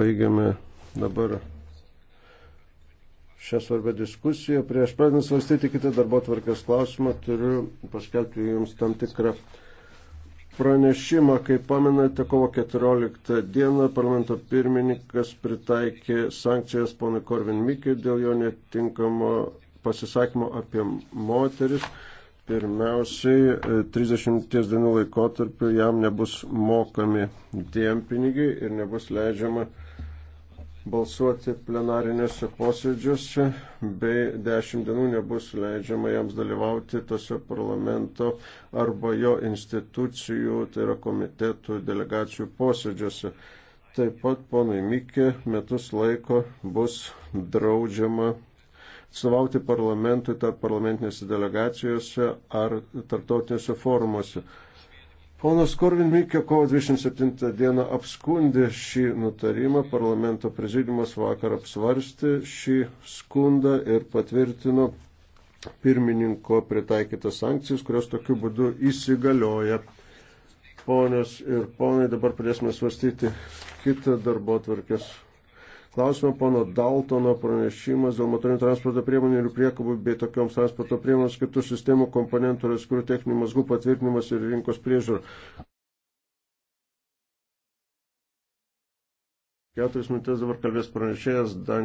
Baigiame dabar šią svarbę diskusiją. Prieš pradant svarstyti kitą darbo tvarkės klausimą, turiu paskelbti jums tam tikrą pranešimą. Kaip pamenate, kovo 14 dieną parlamento pirmininkas pritaikė sankcijas ponui Korvin Mikiui dėl jo netinkamo pasisakymo apie moteris. Pirmiausiai, 30 e, dienų laikotarpiu jam nebus mokami dienpinigiai ir nebus leidžiama balsuoti plenarinėse posėdžiuose, bei 10 dienų nebus leidžiama jiems dalyvauti tose parlamento arba jo institucijų, tai yra komitetų delegacijų posėdžiuose. Taip pat ponui Mikė metus laiko bus draudžiama atstovauti parlamentui tarp parlamentinėse delegacijose ar tarptautinėse forumuose. Ponas Korvin Mikio kovo 27 dieną apskundė šį nutarimą, parlamento prezidiumas vakar apsvarstė šį skundą ir patvirtino pirmininko pritaikytas sankcijas, kurios tokiu būdu įsigalioja. Ponios ir ponai, dabar pradėsime svarstyti kitą darbo tvarkės klausimą. Pono Daltono pranešimas dėl motorinių transporto priemonių ir priekabų bei tokioms transporto priemonėms kitų sistemų komponentų ir atskirų techninių mazgų patvirtinimas ir rinkos priežiūra. Keturis minutės dabar kalbės pranešėjas Dan